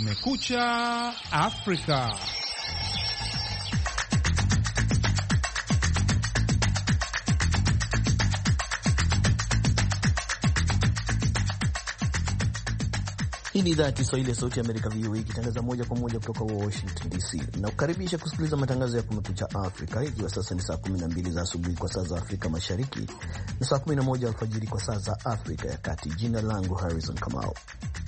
Kumekucha Afrika. Hii ni idhaa ya Kiswahili ya Sauti ya Amerika, VOA, ikitangaza moja kwa moja kutoka Washington DC na kukaribisha kusikiliza matangazo ya Kumekucha Afrika, ikiwa sasa ni saa 12 za asubuhi kwa saa za Afrika Mashariki na saa 11 alfajiri kwa saa za Afrika ya Kati. Jina langu Harrison Kamau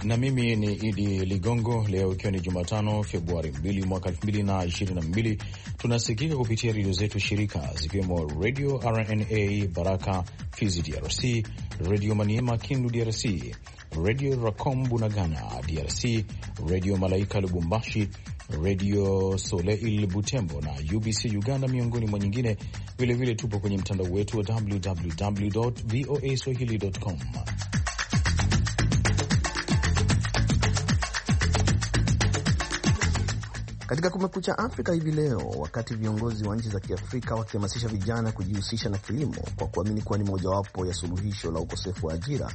na mimi ni Idi Ligongo. Leo ikiwa ni Jumatano, Februari 2 mwaka 2022, tunasikika kupitia redio zetu shirika zikiwemo Redio RNA Baraka Fizi DRC, Redio Maniema Kindu DRC, Redio Racom Bunagana DRC, Redio Malaika Lubumbashi, Redio Soleil Butembo na UBC Uganda, miongoni mwa nyingine. Vilevile tupo kwenye mtandao wetu wa www voa swahili.com. Katika Kumekucha Afrika hivi leo, wakati viongozi wa nchi za Kiafrika wakihamasisha vijana kujihusisha na kilimo kwa kuamini kuwa ni mojawapo ya suluhisho la ukosefu wa ajira,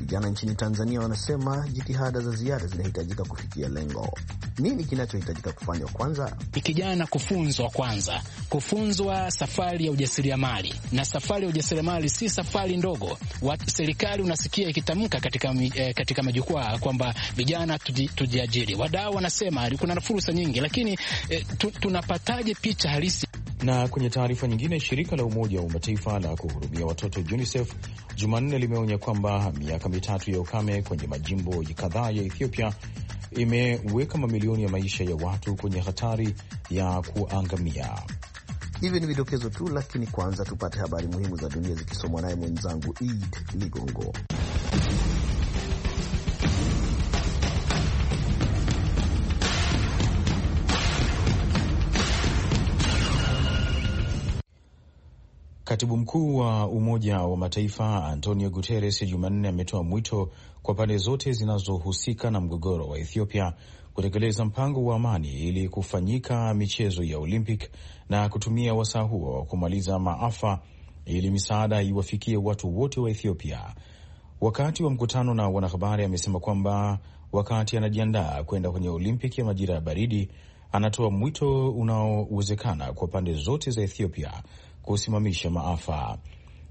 Vijana nchini Tanzania wanasema jitihada za ziada zinahitajika kufikia lengo. Nini kinachohitajika kufanywa? Kwanza kijana kufunzwa, kwanza kufunzwa safari ya ujasiriamali, na safari ya ujasiriamali si safari ndogo. Serikali unasikia ikitamka katika, eh, katika majukwaa kwamba vijana tuji, tujiajiri. Wadau wanasema kuna fursa nyingi, lakini eh, tunapataje picha halisi? Na kwenye taarifa nyingine, shirika la Umoja wa Mataifa la kuhudumia watoto UNICEF Jumanne limeonya kwamba miaka miaka mitatu ya ukame kwenye majimbo kadhaa ya Ethiopia imeweka mamilioni ya maisha ya watu kwenye hatari ya kuangamia. Hivyo ni vidokezo tu, lakini kwanza tupate habari muhimu za dunia zikisomwa naye mwenzangu Id Ligongo. Katibu mkuu wa Umoja wa Mataifa Antonio Guterres Jumanne ametoa mwito kwa pande zote zinazohusika na mgogoro wa Ethiopia kutekeleza mpango wa amani ili kufanyika michezo ya Olympic na kutumia wasaa huo wa kumaliza maafa ili misaada iwafikie watu wote wa Ethiopia. Wakati wa mkutano na wanahabari, amesema kwamba wakati anajiandaa kwenda kwenye Olimpiki ya majira ya baridi, anatoa mwito unaowezekana kwa pande zote za Ethiopia kusimamisha maafa.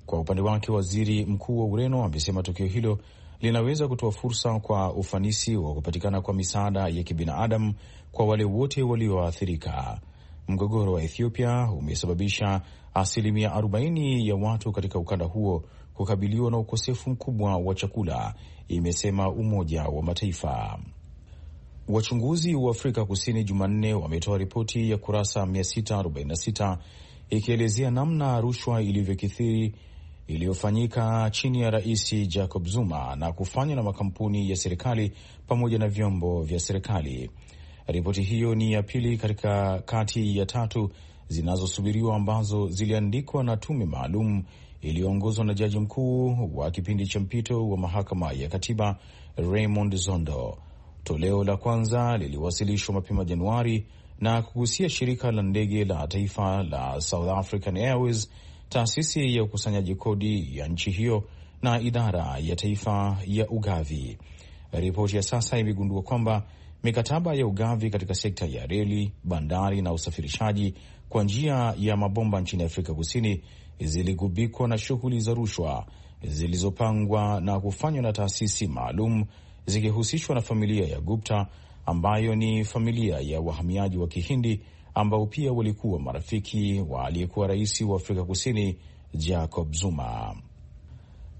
Kwa upande wake, waziri mkuu wa Ureno amesema tukio hilo linaweza kutoa fursa kwa ufanisi wa kupatikana kwa misaada ya kibinadamu kwa wale wote walioathirika. Mgogoro wa Ethiopia umesababisha asilimia 40 ya watu katika ukanda huo kukabiliwa na ukosefu mkubwa wa chakula, imesema Umoja wa Mataifa. Wachunguzi wa Afrika Kusini Jumanne wametoa ripoti ya kurasa 646 ikielezea namna rushwa ilivyokithiri iliyofanyika chini ya Rais Jacob Zuma na kufanywa na makampuni ya serikali pamoja na vyombo vya serikali. Ripoti hiyo ni ya pili katika kati ya tatu zinazosubiriwa ambazo ziliandikwa na tume maalum iliyoongozwa na jaji mkuu wa kipindi cha mpito wa mahakama ya katiba Raymond Zondo. Toleo la kwanza liliwasilishwa mapema Januari na kugusia shirika la ndege la taifa la South African Airways, taasisi ya ukusanyaji kodi ya nchi hiyo na idara ya taifa ya ugavi. Ripoti ya sasa imegundua kwamba mikataba ya ugavi katika sekta ya reli, bandari na usafirishaji kwa njia ya mabomba nchini Afrika Kusini ziligubikwa na shughuli za rushwa zilizopangwa na kufanywa na taasisi maalum zikihusishwa na familia ya Gupta ambayo ni familia ya wahamiaji wa Kihindi ambao pia walikuwa marafiki wa aliyekuwa rais wa Afrika Kusini Jacob Zuma.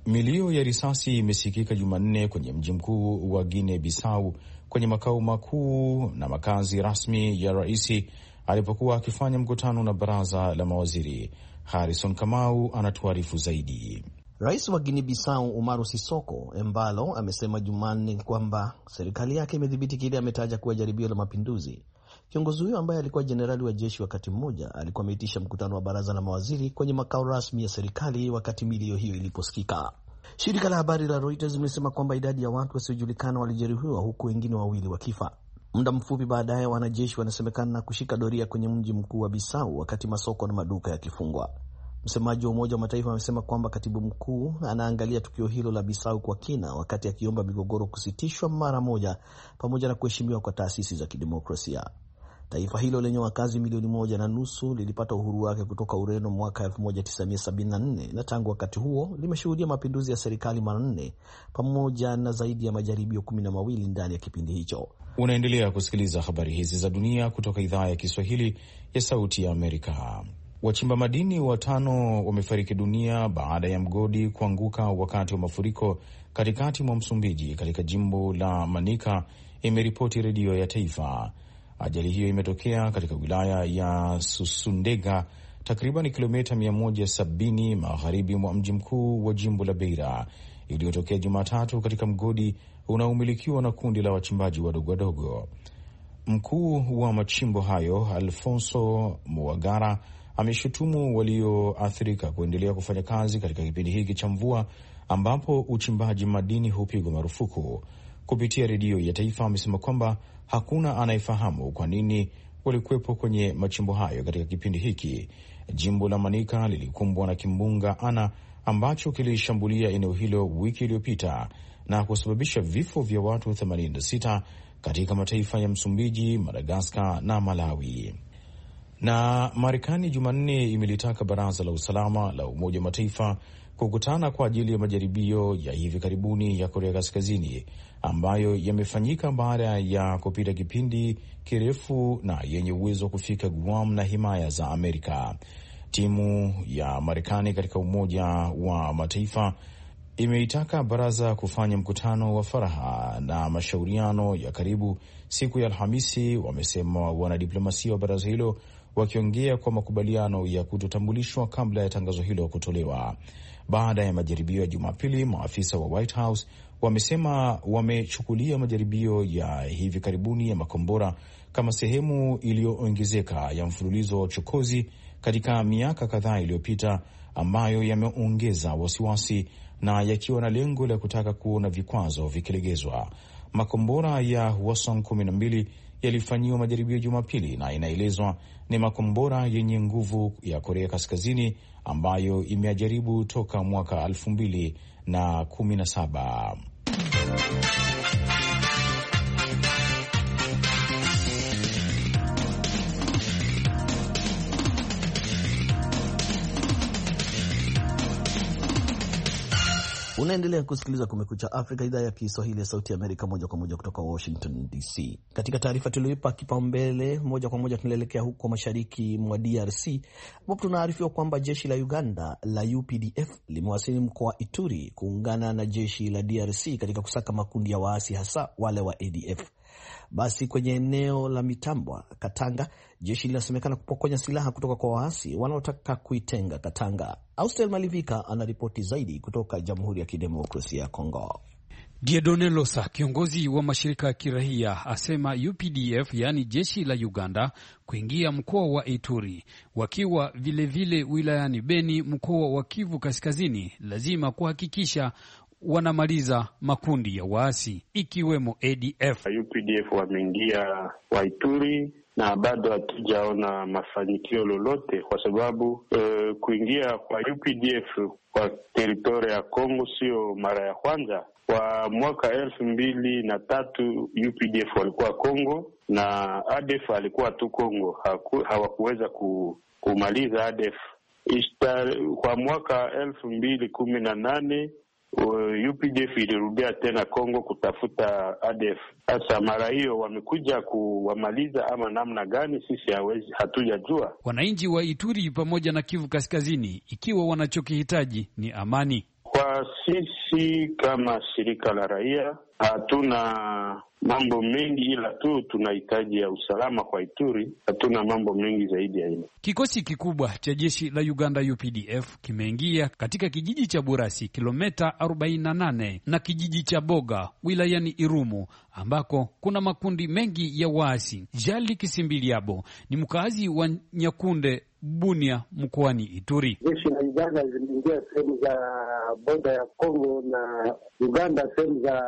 Milio ya risasi imesikika Jumanne kwenye mji mkuu wa Guinea Bissau, kwenye makao makuu na makazi rasmi ya raisi alipokuwa akifanya mkutano na baraza la mawaziri. Harrison Kamau anatuarifu zaidi. Rais wa Guinea Bissau Umaru Sisoko Embalo amesema Jumanne kwamba serikali yake imedhibiti kile ametaja kuwa jaribio la mapinduzi. Kiongozi huyo ambaye alikuwa jenerali wa jeshi wakati mmoja alikuwa ameitisha mkutano wa baraza la mawaziri kwenye makao rasmi ya serikali wakati milio hiyo iliposikika. Shirika la habari la Reuters limesema kwamba idadi ya watu wasiojulikana walijeruhiwa huku wengine wawili wakifa. Muda mfupi baadaye, wanajeshi wanasemekana kushika doria kwenye mji mkuu wa Bisau wakati masoko na maduka yakifungwa. Msemaji wa Umoja wa Mataifa amesema kwamba katibu mkuu anaangalia tukio hilo la Bisau kwa kina, wakati akiomba migogoro kusitishwa mara moja pamoja na kuheshimiwa kwa taasisi za kidemokrasia. Taifa hilo lenye wakazi milioni moja na nusu lilipata uhuru wake kutoka Ureno mwaka 1974 na tangu wakati huo limeshuhudia mapinduzi ya serikali mara nne pamoja na zaidi ya majaribio kumi na mawili ndani ya kipindi hicho. Unaendelea kusikiliza habari hizi za dunia kutoka idhaa ya Kiswahili ya Sauti ya Amerika. Wachimba madini watano wamefariki dunia baada ya mgodi kuanguka wakati wa mafuriko katikati mwa Msumbiji katika jimbo la manika imeripoti redio ya taifa. Ajali hiyo imetokea katika wilaya ya Susundega, takriban kilomita 170 magharibi mwa mji mkuu wa jimbo la Beira, iliyotokea Jumatatu katika mgodi unaomilikiwa na kundi la wachimbaji wadogo wadogo. Mkuu wa machimbo hayo Alfonso Muagara ameshutumu walioathirika kuendelea kufanya kazi katika kipindi hiki cha mvua ambapo uchimbaji madini hupigwa marufuku. Kupitia redio ya taifa, amesema kwamba hakuna anayefahamu kwa nini walikuwepo kwenye machimbo hayo katika kipindi hiki. Jimbo la Manika lilikumbwa na kimbunga Ana ambacho kilishambulia eneo hilo wiki iliyopita na kusababisha vifo vya watu 86 katika mataifa ya Msumbiji, Madagaskar na Malawi. Na Marekani Jumanne imelitaka baraza la usalama la Umoja wa Mataifa kukutana kwa ajili ya majaribio ya hivi karibuni ya Korea Kaskazini ambayo yamefanyika baada ya kupita kipindi kirefu na yenye uwezo wa kufika Guam na himaya za Amerika. Timu ya Marekani katika Umoja wa Mataifa imeitaka baraza kufanya mkutano wa faraha na mashauriano ya karibu siku ya Alhamisi, wamesema wanadiplomasia wa baraza hilo wakiongea kwa makubaliano ya kutotambulishwa kabla ya tangazo hilo kutolewa. Baada ya majaribio ya Jumapili, maafisa wa White House wamesema wamechukulia majaribio ya hivi karibuni ya makombora kama sehemu iliyoongezeka ya mfululizo wa uchokozi katika miaka kadhaa iliyopita, ambayo yameongeza wasiwasi na yakiwa na lengo la kutaka kuona vikwazo vikilegezwa. Makombora ya Hwasong 12 yalifanyiwa majaribio Jumapili na inaelezwa ni makombora yenye nguvu ya Korea Kaskazini ambayo imeajaribu toka mwaka 217 Unaendelea kusikiliza Kumekucha Afrika, idhaa ya Kiswahili ya Sauti ya Amerika, moja kwa moja kutoka Washington DC. Katika taarifa tulioipa kipaumbele moja kwa moja, tunaelekea huko mashariki mwa DRC ambapo tunaarifiwa kwamba jeshi la Uganda la UPDF limewasili mkoa wa Ituri kuungana na jeshi la DRC katika kusaka makundi ya waasi, hasa wale wa ADF. Basi kwenye eneo la Mitambwa, Katanga, jeshi linasemekana kupokonya silaha kutoka kwa waasi wanaotaka kuitenga Katanga. Austel Malivika anaripoti zaidi kutoka Jamhuri ya Kidemokrasia ya Kongo. Diedone Losa, kiongozi wa mashirika ya kiraia asema UPDF yaani jeshi la Uganda kuingia mkoa wa Ituri wakiwa vilevile wilayani Beni, mkoa wa Kivu Kaskazini, lazima kuhakikisha wanamaliza makundi ya waasi ikiwemo ADF. UPDF wameingia Waituri na bado hatujaona mafanikio lolote, kwa sababu e, kuingia kwa UPDF kwa teritoria ya Kongo sio mara ya kwanza. Kwa mwaka elfu mbili na tatu UPDF walikuwa Kongo na ADF alikuwa tu Kongo, hawakuweza ku, kumaliza ADF. Ishtar, kwa mwaka elfu mbili kumi na nane UPDF uh, ilirudia tena Kongo kutafuta ADF. Sasa mara hiyo wamekuja kuwamaliza ama namna gani, sisi hawezi hatujajua. Wananchi wa Ituri pamoja na Kivu Kaskazini, ikiwa wanachokihitaji ni amani, kwa sisi kama shirika la raia hatuna mambo mengi ila tu tunahitaji ya usalama kwa Ituri. Hatuna mambo mengi zaidi ya hilo. Kikosi kikubwa cha jeshi la Uganda UPDF kimeingia katika kijiji cha Burasi, kilomita 48 na kijiji cha Boga wilayani Irumu, ambako kuna makundi mengi ya waasi. Jali Kisimbiliabo ni mkazi wa Nyakunde, Bunia, mkoani Ituri. Jeshi la Uganda zimeingia sehemu za Boga ya Kongo na Uganda, sehemu za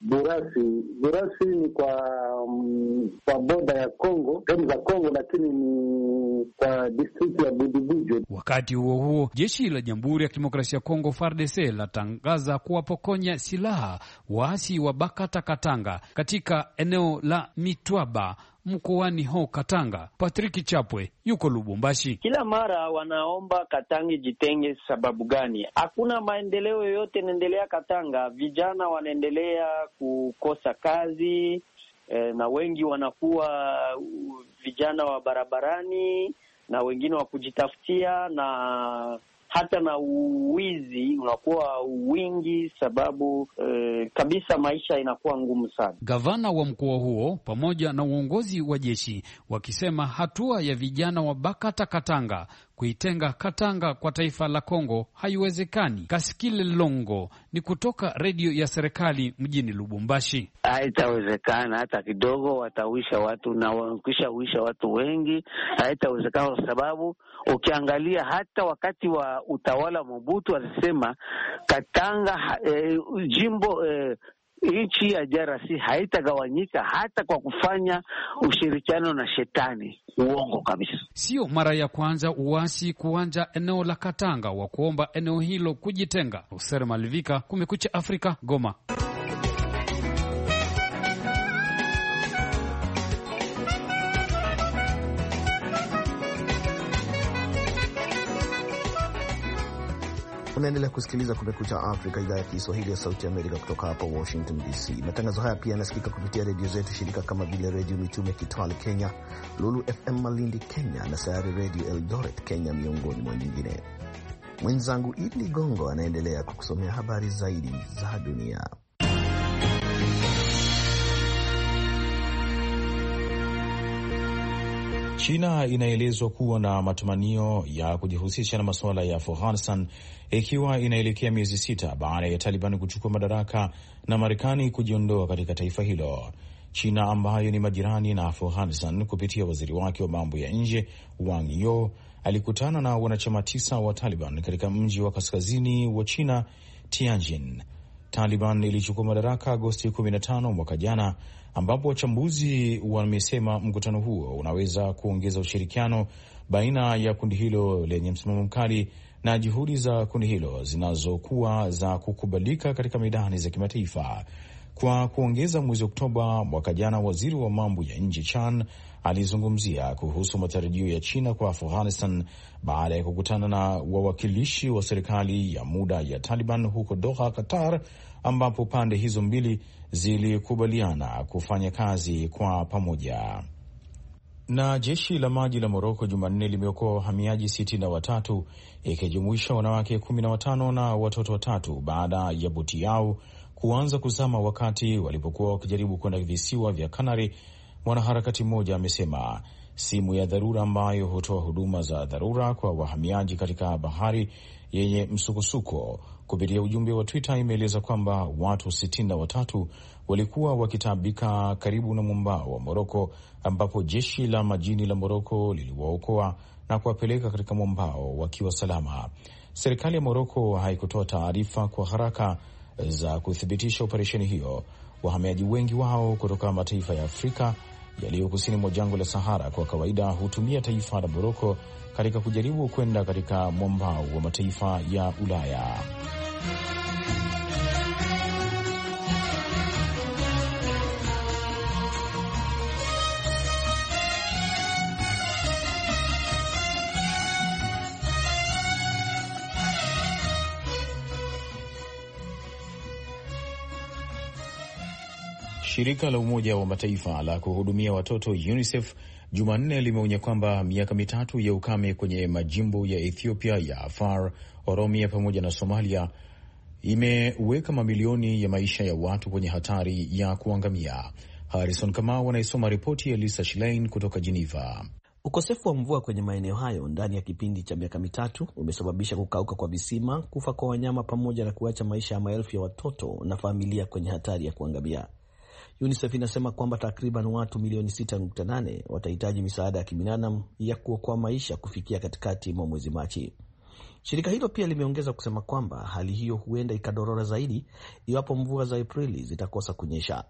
Burasi. Burasi ni kwa um, kwa boda ya Kongo, sehemu za Kongo, lakini ni kwa distrikti ya Budibujo. Wakati huo huo, jeshi la Jamhuri ya Kidemokrasia ya Kongo FARDC latangaza kuwapokonya silaha waasi wa Bakatakatanga katika eneo la Mitwaba mkoani ho Katanga. Patrick Chapwe yuko Lubumbashi. Kila mara wanaomba Katanga jitenge, sababu gani? Hakuna maendeleo yoyote inaendelea Katanga, vijana wanaendelea kukosa kazi eh, na wengi wanakuwa uh, vijana wa barabarani na wengine wa kujitafutia na hata na uwizi unakuwa wingi, sababu e, kabisa maisha inakuwa ngumu sana. Gavana wa mkoa huo pamoja na uongozi wa jeshi wakisema hatua ya vijana wa Bakata Katanga Kuitenga Katanga kwa taifa la Kongo haiwezekani. Kasikile Longo ni kutoka redio ya serikali mjini Lubumbashi. Haitawezekana hata kidogo, watawisha watu na wakishawisha watu wengi, haitawezekana kwa sababu ukiangalia hata wakati wa utawala wa Mobutu alisema Katanga eh, jimbo eh, nchi ya DRC haitagawanyika hata kwa kufanya ushirikiano na shetani. Uongo kabisa. Sio mara ya kwanza uasi kuanja eneo la Katanga wa kuomba eneo hilo kujitenga. Hoser Malivika, Kumekucha Afrika, Goma. Unaendelea kusikiliza Kumekucha Afrika, idhaa ya Kiswahili ya Sauti ya Amerika kutoka hapa Washington DC. Matangazo haya pia yanasikika kupitia redio zetu shirika kama vile Redio Mitume Kitale Kenya, Lulu FM Malindi Kenya na Sayari Redio Eldoret Kenya, miongoni mwa nyingine. Mwenzangu Idi Ligongo anaendelea kukusomea habari zaidi za dunia. China inaelezwa kuwa na matumanio ya kujihusisha na masuala ya Afghanistan ikiwa inaelekea miezi sita baada ya Taliban kuchukua madaraka na Marekani kujiondoa katika taifa hilo. China ambayo ni majirani na Afghanistan, kupitia waziri wake wa mambo ya nje Wang Yo, alikutana na wanachama tisa wa Taliban katika mji wa kaskazini wa China, Tianjin. Taliban ilichukua madaraka Agosti 15 mwaka jana ambapo wachambuzi wamesema mkutano huo unaweza kuongeza ushirikiano baina ya kundi hilo lenye msimamo mkali na juhudi za kundi hilo zinazokuwa za kukubalika katika midani za kimataifa. Kwa kuongeza, mwezi Oktoba mwaka jana, waziri wa mambo ya nje Chan alizungumzia kuhusu matarajio ya China kwa Afghanistan baada ya kukutana na wawakilishi wa serikali ya muda ya Taliban huko Doha, Qatar, ambapo pande hizo mbili zilikubaliana kufanya kazi kwa pamoja. Na jeshi la maji la Moroko Jumanne limeokoa wahamiaji sitini na watatu ikijumuisha wanawake kumi na watano na watoto watatu baada ya boti yao kuanza kuzama wakati walipokuwa wakijaribu kwenda visiwa vya Kanari. Mwanaharakati mmoja amesema simu ya dharura ambayo hutoa huduma za dharura kwa wahamiaji katika bahari yenye msukosuko. Kupitia ujumbe wa Twitter imeeleza kwamba watu sitini na watatu walikuwa wakitaabika karibu na mwambao wa Moroko, ambapo jeshi la majini la Moroko liliwaokoa na kuwapeleka katika mwambao wakiwa salama. Serikali ya Moroko haikutoa taarifa kwa haraka za kuthibitisha operesheni hiyo. Wahamiaji wengi wao kutoka mataifa ya Afrika yaliyo kusini mwa jangwa la Sahara kwa kawaida hutumia taifa la Moroko katika kujaribu kwenda katika mwambao wa mataifa ya Ulaya. Shirika la Umoja wa Mataifa la kuhudumia watoto UNICEF Jumanne limeonya kwamba miaka mitatu ya ukame kwenye majimbo ya Ethiopia ya Afar, Oromia pamoja na Somalia imeweka mamilioni ya maisha ya watu kwenye hatari ya kuangamia. Harrison Kamau anayesoma ripoti ya Lisa Schlein kutoka Geneva. Ukosefu wa mvua kwenye maeneo hayo ndani ya kipindi cha miaka mitatu umesababisha kukauka kwa visima, kufa kwa wanyama pamoja na kuacha maisha ya maelfu ya watoto na familia kwenye hatari ya kuangamia. UNICEF inasema kwamba takriban watu milioni 6.8 watahitaji misaada ya kibinadamu ya kuokoa maisha kufikia katikati mwa mwezi Machi. Shirika hilo pia limeongeza kusema kwamba hali hiyo huenda ikadorora zaidi iwapo mvua za Aprili zitakosa kunyesha.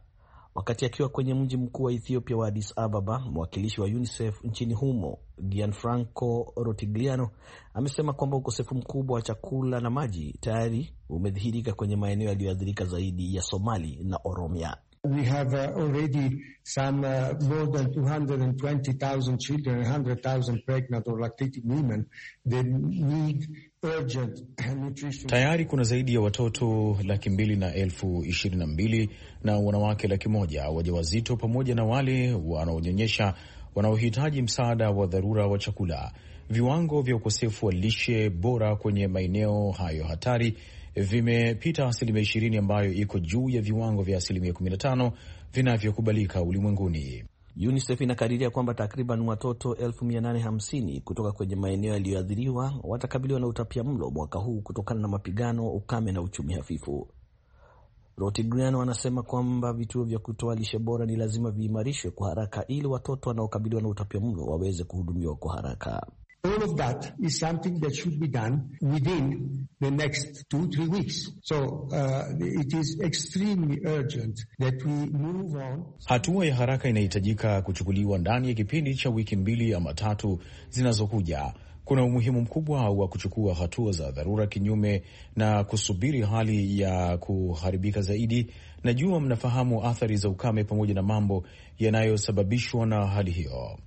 Wakati akiwa kwenye mji mkuu wa Ethiopia wa Addis Ababa, mwakilishi wa UNICEF nchini humo Gianfranco Rotigliano amesema kwamba ukosefu mkubwa wa chakula na maji tayari umedhihirika kwenye maeneo yaliyoathirika zaidi ya Somali na Oromia. We have uh, already some uh, more than 220,000 children, 100,000 pregnant or lactating women that need urgent nutrition. Tayari kuna zaidi ya watoto laki mbili na elfu ishirini na mbili na wanawake laki moja wajawazito pamoja na wale wanaonyonyesha wanaohitaji msaada wa dharura wa chakula. Viwango vya ukosefu wa lishe bora kwenye maeneo hayo hatari vimepita asilimia ishirini ambayo iko juu ya viwango vya asilimia kumi na tano vinavyokubalika ulimwenguni. UNICEF inakadiria kwamba takriban watoto 850 kutoka kwenye maeneo yaliyoathiriwa watakabiliwa na utapia mlo mwaka huu kutokana na mapigano, ukame na uchumi hafifu. Rotigriano anasema kwamba vituo vya kutoa lishe bora ni lazima viimarishwe kwa haraka ili watoto wanaokabiliwa na utapia mlo waweze kuhudumiwa kwa haraka. All of that is something that should be done within the next two, three weeks. So, uh, it is extremely urgent that we move on. Hatua ya haraka inahitajika kuchukuliwa ndani ya kipindi cha wiki mbili ama tatu zinazokuja. Kuna umuhimu mkubwa wa kuchukua hatua za dharura kinyume na kusubiri hali ya kuharibika zaidi. Najua mnafahamu athari za ukame pamoja na mambo yanayosababishwa na hali hiyo.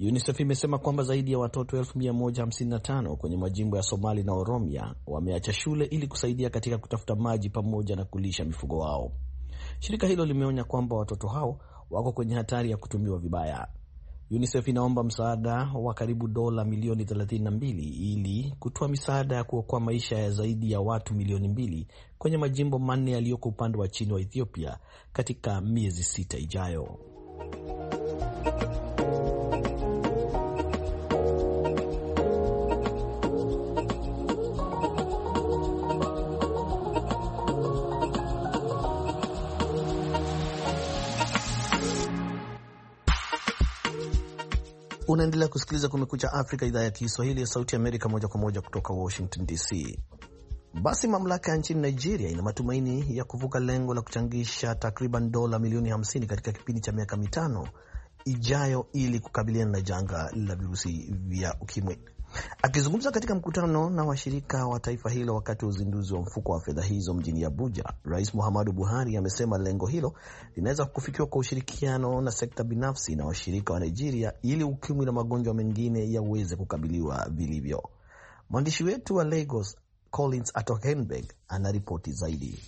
UNICEF imesema kwamba zaidi ya watoto 1155 kwenye majimbo ya Somali na Oromia wameacha shule ili kusaidia katika kutafuta maji pamoja na kulisha mifugo wao. Shirika hilo limeonya kwamba watoto hao wako kwenye hatari ya kutumiwa vibaya. UNICEF inaomba msaada wa karibu dola milioni 32 ili kutoa misaada ya kuokoa maisha ya zaidi ya watu milioni mbili kwenye majimbo manne yaliyoko upande wa chini wa Ethiopia katika miezi sita ijayo. Unaendelea kusikiliza Kumekucha Afrika, idhaa ya Kiswahili ya Sauti Amerika, moja kwa moja kutoka Washington DC. Basi mamlaka ya nchini Nigeria ina matumaini ya kuvuka lengo la kuchangisha takriban dola milioni 50 katika kipindi cha miaka mitano ijayo ili kukabiliana na janga la virusi vya ukimwi. Akizungumza katika mkutano na washirika wa taifa hilo wakati wa uzinduzi wa mfuko wa fedha hizo mjini Abuja, Rais Muhammadu Buhari amesema lengo hilo linaweza kufikiwa kwa ushirikiano na sekta binafsi na washirika wa Nigeria ili ukimwi na magonjwa mengine yaweze kukabiliwa vilivyo. Mwandishi wetu wa Lagos Collins Atohenberg anaripoti zaidi.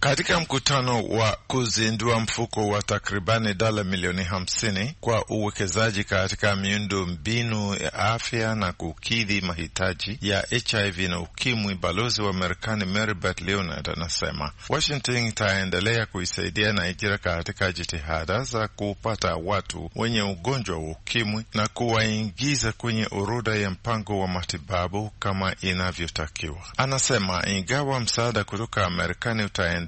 Katika mkutano wa kuzindua mfuko wa takribani dola milioni hamsini kwa uwekezaji katika miundo mbinu ya afya na kukidhi mahitaji ya HIV na ukimwi, balozi wa Marekani Maribeth Leonard anasema Washington itaendelea kuisaidia Nigeria katika jitihada za kupata watu wenye ugonjwa wa ukimwi na kuwaingiza kwenye orodha ya mpango wa matibabu kama inavyotakiwa. Anasema ingawa msaada kutoka Marekani utaendelea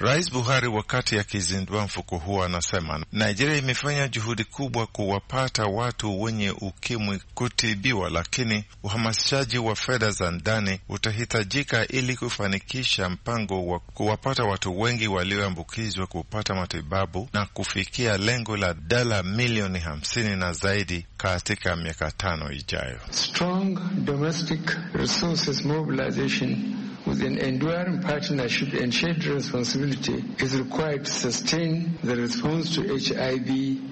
Rais Buhari wakati akizindua mfuko huo anasema Nigeria imefanya juhudi kubwa kuwapata watu wenye ukimwi kutibiwa, lakini uhamasishaji wa fedha za ndani utahitajika ili kufanikisha mpango wa kuwapata watu wengi walioambukizwa kupata matibabu na kufikia lengo la dola milioni hamsini na zaidi katika miaka tano ijayo. Strong domestic resources mobilization with an enduring partnership and shared responsibility is required to sustain the response to HIV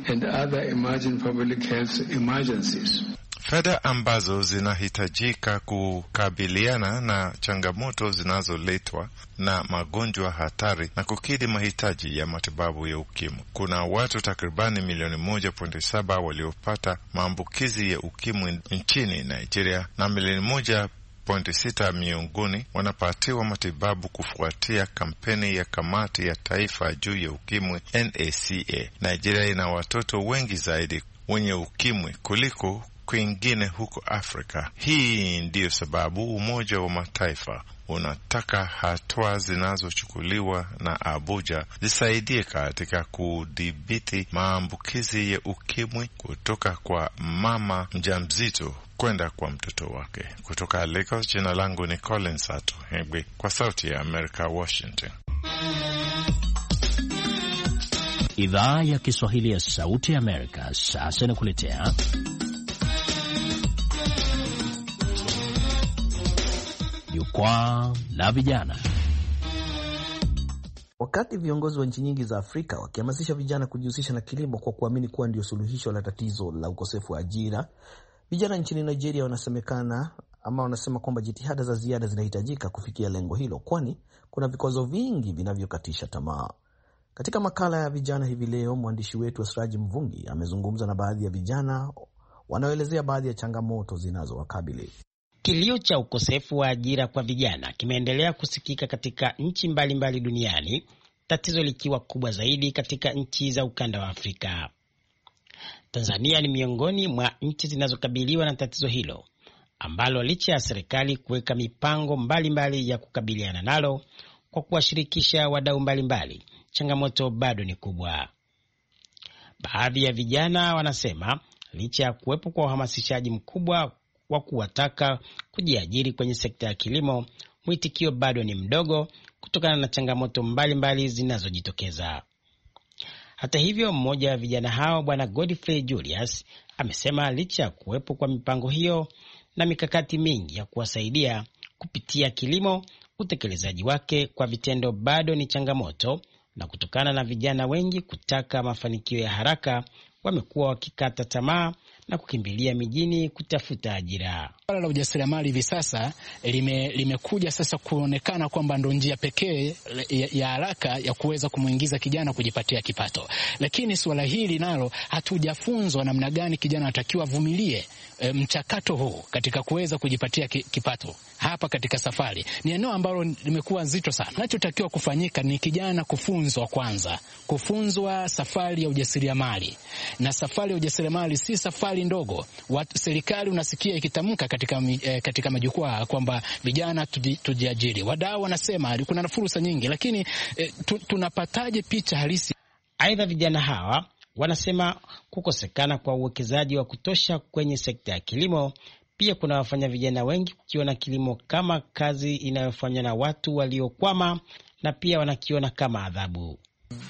and other emerging public health emergencies. Fedha ambazo zinahitajika kukabiliana na changamoto zinazoletwa na magonjwa hatari na kukidhi mahitaji ya matibabu ya ukimwi. Kuna watu takribani milioni moja pointi saba waliopata maambukizi ya ukimwi nchini Nigeria na milioni moja 6 miongoni wanapatiwa matibabu kufuatia kampeni ya kamati ya taifa juu ya ukimwi NACA. Nigeria ina watoto wengi zaidi wenye ukimwi kuliko kwingine huko Afrika. Hii ndiyo sababu Umoja wa Mataifa unataka hatua zinazochukuliwa na Abuja zisaidie katika kudhibiti maambukizi ya ukimwi kutoka kwa mama mjamzito kwenda kwa mtoto wake. Kutoka Lagos, jina langu ni Collins Atohegwi, kwa Sauti ya Amerika, Washington. Idhaa ya Kiswahili ya Sauti ya Amerika sasa inakuletea Jukwaa la Vijana. Wakati viongozi wa nchi nyingi za Afrika wakihamasisha vijana kujihusisha na kilimo kwa kuamini kuwa ndio suluhisho la tatizo la ukosefu wa ajira, vijana nchini Nigeria wanasemekana ama wanasema kwamba jitihada za ziada zinahitajika kufikia lengo hilo, kwani kuna vikwazo vingi vinavyokatisha tamaa. Katika makala ya vijana hivi leo, mwandishi wetu Asraji Mvungi amezungumza na baadhi ya vijana wanaoelezea baadhi ya changamoto zinazowakabili. Kilio cha ukosefu wa ajira kwa vijana kimeendelea kusikika katika nchi mbalimbali duniani, tatizo likiwa kubwa zaidi katika nchi za ukanda wa Afrika. Tanzania ni miongoni mwa nchi zinazokabiliwa na tatizo hilo ambalo licha ya serikali kuweka mipango mbalimbali mbali ya kukabiliana nalo kwa kuwashirikisha wadau mbalimbali, changamoto bado ni kubwa. Baadhi ya vijana wanasema licha ya kuwepo kwa uhamasishaji mkubwa wa kuwataka kujiajiri kwenye sekta ya kilimo, mwitikio bado ni mdogo kutokana na changamoto mbalimbali zinazojitokeza. Hata hivyo, mmoja wa vijana hao Bwana Godfrey Julius amesema licha ya kuwepo kwa mipango hiyo na mikakati mingi ya kuwasaidia kupitia kilimo, utekelezaji wake kwa vitendo bado ni changamoto, na kutokana na vijana wengi kutaka mafanikio ya haraka, wamekuwa wakikata tamaa na kukimbilia mijini kutafuta ajira swala la ujasiriamali hivi sasa limekuja lime sasa kuonekana kwamba ndo njia pekee ya haraka ya kuweza kumwingiza kijana kujipatia kipato, lakini swala hili nalo hatujafunzwa namna gani kijana anatakiwa avumilie e, mchakato huu katika kuweza kujipatia kipato hapa katika safari. Ni eneo ambalo limekuwa nzito sana. Kinachotakiwa kufanyika ni kijana kufunzwa kwanza, kufunzwa safari ya ujasiriamali, na safari ya ujasiriamali si safari ndogo. Serikali unasikia ikitamka katika, eh, katika majukwaa kwamba vijana tujiajiri. Wadau wanasema kuna fursa nyingi, lakini eh, tunapataje picha halisi? Aidha, vijana hawa wanasema kukosekana kwa uwekezaji wa kutosha kwenye sekta ya kilimo pia kuna wafanya vijana wengi kukiona kilimo kama kazi inayofanywa na watu waliokwama na pia wanakiona kama adhabu.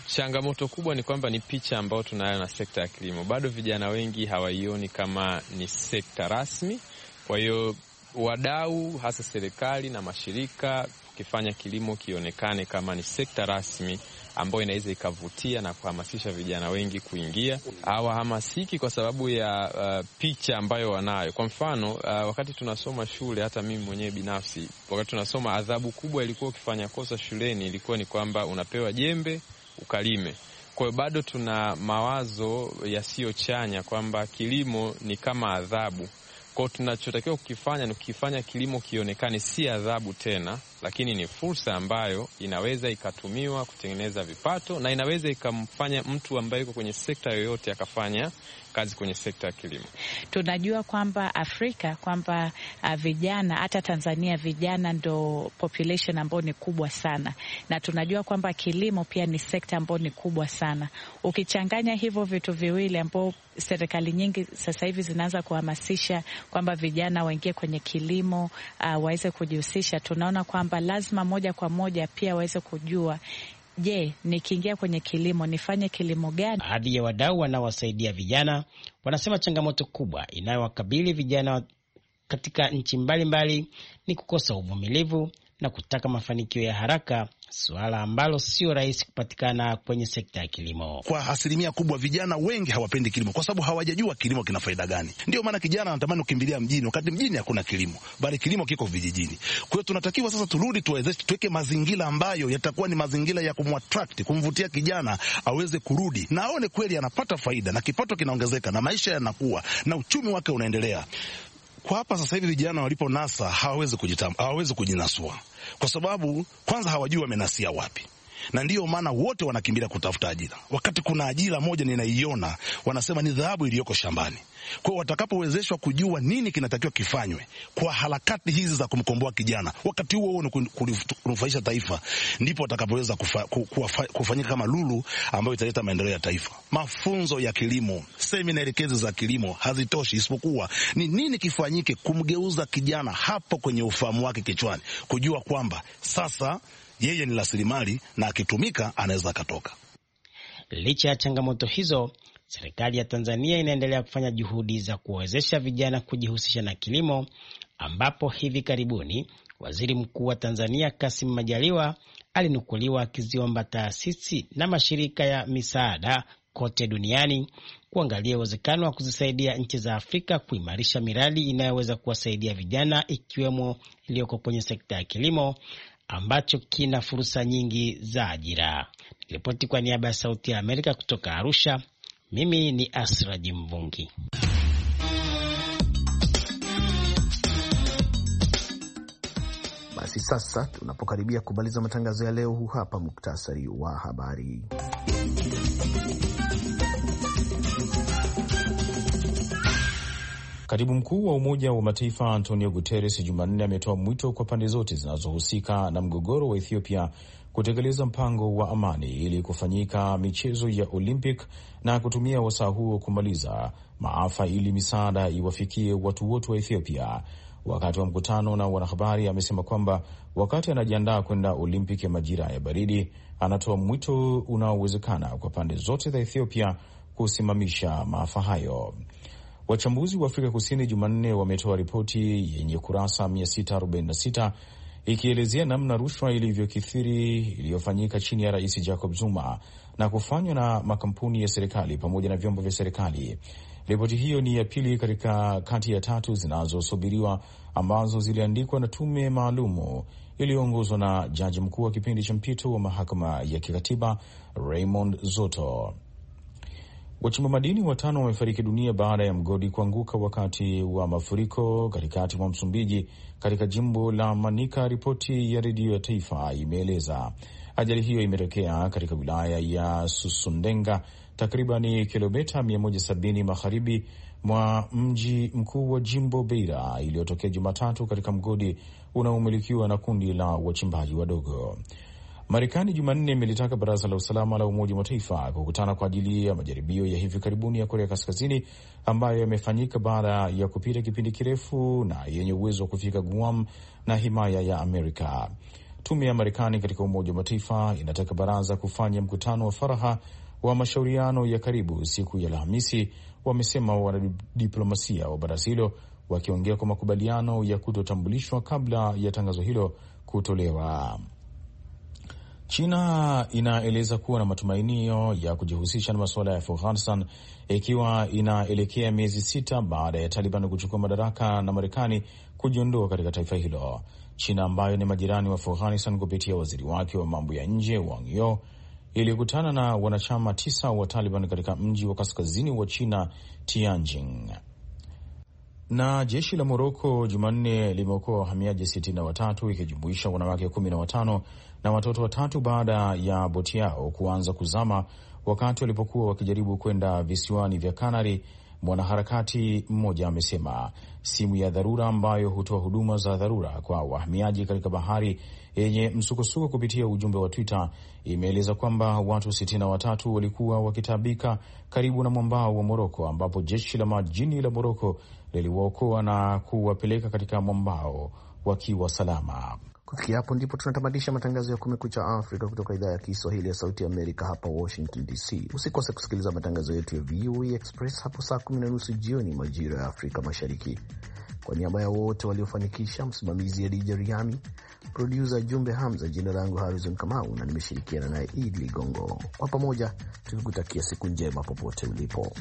Changamoto kubwa ni kwamba ni picha ambayo tunayo na sekta ya kilimo, bado vijana wengi hawaioni kama ni sekta rasmi kwa hiyo wadau, hasa serikali na mashirika, ukifanya kilimo kionekane kama ni sekta rasmi ambayo inaweza ikavutia na kuhamasisha vijana wengi kuingia. Hawahamasiki kwa sababu ya uh, picha ambayo wanayo. Kwa mfano uh, wakati tunasoma shule, hata mimi mwenyewe binafsi, wakati tunasoma, adhabu kubwa ilikuwa ukifanya kosa shuleni ilikuwa ni kwamba unapewa jembe ukalime. Kwa hiyo bado tuna mawazo yasiyochanya kwamba kilimo ni kama adhabu Kwao tunachotakiwa kukifanya ni kukifanya kilimo kionekane si adhabu tena, lakini ni fursa ambayo inaweza ikatumiwa kutengeneza vipato na inaweza ikamfanya mtu ambaye yuko kwenye sekta yoyote akafanya kazi kwenye sekta ya kilimo. Tunajua kwamba Afrika kwamba uh, vijana hata Tanzania vijana ndo population ambayo ni kubwa sana, na tunajua kwamba kilimo pia ni sekta ambayo ni kubwa sana. Ukichanganya hivyo vitu viwili, ambao serikali nyingi sasa hivi zinaanza kuhamasisha kwamba vijana waingie kwenye kilimo uh, waweze kujihusisha, tunaona kwamba kwamba lazima moja kwa moja pia waweze kujua Je, nikiingia kwenye kilimo nifanye kilimo gani? Baadhi ya wadau wanaowasaidia vijana wanasema changamoto kubwa inayowakabili vijana katika nchi mbalimbali ni kukosa uvumilivu na kutaka mafanikio ya haraka, suala ambalo sio rahisi kupatikana kwenye sekta ya kilimo. Kwa asilimia kubwa, vijana wengi hawapendi kilimo kwa sababu hawajajua kilimo kina faida gani. Ndio maana kijana anatamani kukimbilia mjini, wakati mjini hakuna kilimo, bali kilimo kiko vijijini. Kwa hiyo tunatakiwa sasa turudi, tuwezeshe, tuweke mazingira ambayo yatakuwa ni mazingira ya kumatrakti, kumvutia kijana aweze kurudi na aone kweli anapata faida na kipato kinaongezeka na maisha yanakuwa na uchumi wake unaendelea. Kwa hapa sasa hivi vijana walipo nasa hawawezi kujitam, hawawezi kujinasua kwa sababu kwanza hawajui wamenasia wapi, na ndiyo maana wote wanakimbilia kutafuta ajira, wakati kuna ajira moja ninaiona, wanasema ni dhahabu iliyoko shambani kwao watakapowezeshwa kujua nini kinatakiwa kifanywe kwa harakati hizi za kumkomboa kijana, wakati huo huo ni kunufaisha taifa, ndipo watakapoweza kufa, kufa, kufanyika kama lulu ambayo italeta maendeleo ya taifa. Mafunzo ya kilimo, semina elekezi za kilimo hazitoshi, isipokuwa ni nini kifanyike kumgeuza kijana hapo kwenye ufahamu wake kichwani, kujua kwamba sasa yeye ni rasilimali na akitumika anaweza akatoka. Licha ya changamoto hizo serikali ya Tanzania inaendelea kufanya juhudi za kuwawezesha vijana kujihusisha na kilimo, ambapo hivi karibuni waziri mkuu wa Tanzania Kassim Majaliwa alinukuliwa akiziomba taasisi na mashirika ya misaada kote duniani kuangalia uwezekano wa kuzisaidia nchi za Afrika kuimarisha miradi inayoweza kuwasaidia vijana ikiwemo iliyoko kwenye sekta ya kilimo ambacho kina fursa nyingi za ajira. Ripoti kwa niaba ya Sauti ya Amerika kutoka Arusha. Mimi ni Asraji Mvungi. Basi sasa tunapokaribia kumaliza matangazo ya leo, huu hapa muktasari wa habari. Katibu mkuu wa Umoja wa Mataifa Antonio Guterres Jumanne ametoa mwito kwa pande zote zinazohusika na mgogoro wa Ethiopia kutekeleza mpango wa amani ili kufanyika michezo ya Olympic na kutumia wasaa huo kumaliza maafa ili misaada iwafikie watu wote wa Ethiopia. Wakati wa mkutano na wanahabari, amesema kwamba wakati anajiandaa kwenda olimpic ya majira ya baridi, anatoa mwito unaowezekana kwa pande zote za Ethiopia kusimamisha maafa hayo. Wachambuzi wa Afrika Kusini Jumanne wametoa ripoti yenye kurasa 646 ikielezea namna rushwa ilivyokithiri iliyofanyika chini ya Rais Jacob Zuma na kufanywa na makampuni ya serikali pamoja na vyombo vya serikali. Ripoti hiyo ni ya pili katika kati ya tatu zinazosubiriwa ambazo ziliandikwa na tume maalumu iliyoongozwa na jaji mkuu wa kipindi cha mpito wa mahakama ya kikatiba Raymond Zoto. Wachimba madini watano wamefariki dunia baada ya mgodi kuanguka wakati wa mafuriko katikati mwa Msumbiji katika jimbo la manika ripoti ya redio ya taifa imeeleza. Ajali hiyo imetokea katika wilaya ya Susundenga, takribani kilomita 170 magharibi mwa mji mkuu wa jimbo Beira, iliyotokea Jumatatu katika mgodi unaomilikiwa na kundi la wachimbaji wadogo. Marekani Jumanne imelitaka baraza la usalama la Umoja wa Mataifa kukutana kwa ajili ya majaribio ya hivi karibuni ya Korea Kaskazini ambayo yamefanyika baada ya kupita kipindi kirefu na yenye uwezo wa kufika Guam na himaya ya Amerika. Tume ya Marekani katika Umoja wa Mataifa inataka baraza kufanya mkutano wa faraha wa mashauriano ya karibu siku ya Alhamisi, wamesema wanadiplomasia wa baraza hilo wakiongea kwa makubaliano ya kutotambulishwa kabla ya tangazo hilo kutolewa. China inaeleza kuwa na matumainio ya kujihusisha na masuala ya Afghanistan ikiwa inaelekea miezi sita baada ya Taliban kuchukua madaraka na Marekani kujiondoa katika taifa hilo. China ambayo ni majirani wa Afghanistan kupitia waziri wake wa mambo ya nje Wang Yi ilikutana na wanachama tisa wa Taliban katika mji wa kaskazini wa China Tianjin. Na jeshi la Moroko Jumanne limeokoa wahamiaji sitini na watatu ikijumuisha wanawake kumi na watano na watoto watatu baada ya boti yao kuanza kuzama wakati walipokuwa wakijaribu kwenda visiwani vya Kanari. Mwanaharakati mmoja amesema simu ya dharura ambayo hutoa huduma za dharura kwa wahamiaji katika bahari yenye msukosuko kupitia ujumbe wa Twitter imeeleza kwamba watu sitini na watatu walikuwa wakitabika karibu na mwambao wa Moroko ambapo jeshi la majini la Moroko liliwaokoa na kuwapeleka katika mwambao wakiwa salama. Kufikia hapo ndipo tunatamatisha matangazo ya Kumekucha Afrika kutoka idhaa ya Kiswahili ya Sauti Amerika hapa Washington DC. Usikose kusikiliza matangazo yetu ya VOA e Express hapo saa kumi na nusu jioni majira ya Afrika Mashariki. Kwa niaba ya wote waliofanikisha, msimamizi Adija Riami, produsa Jumbe Hamza, jina langu Harizon Kamau na nimeshirikiana naye Idi Ligongo. Kwa pamoja tukikutakia siku njema popote ulipo.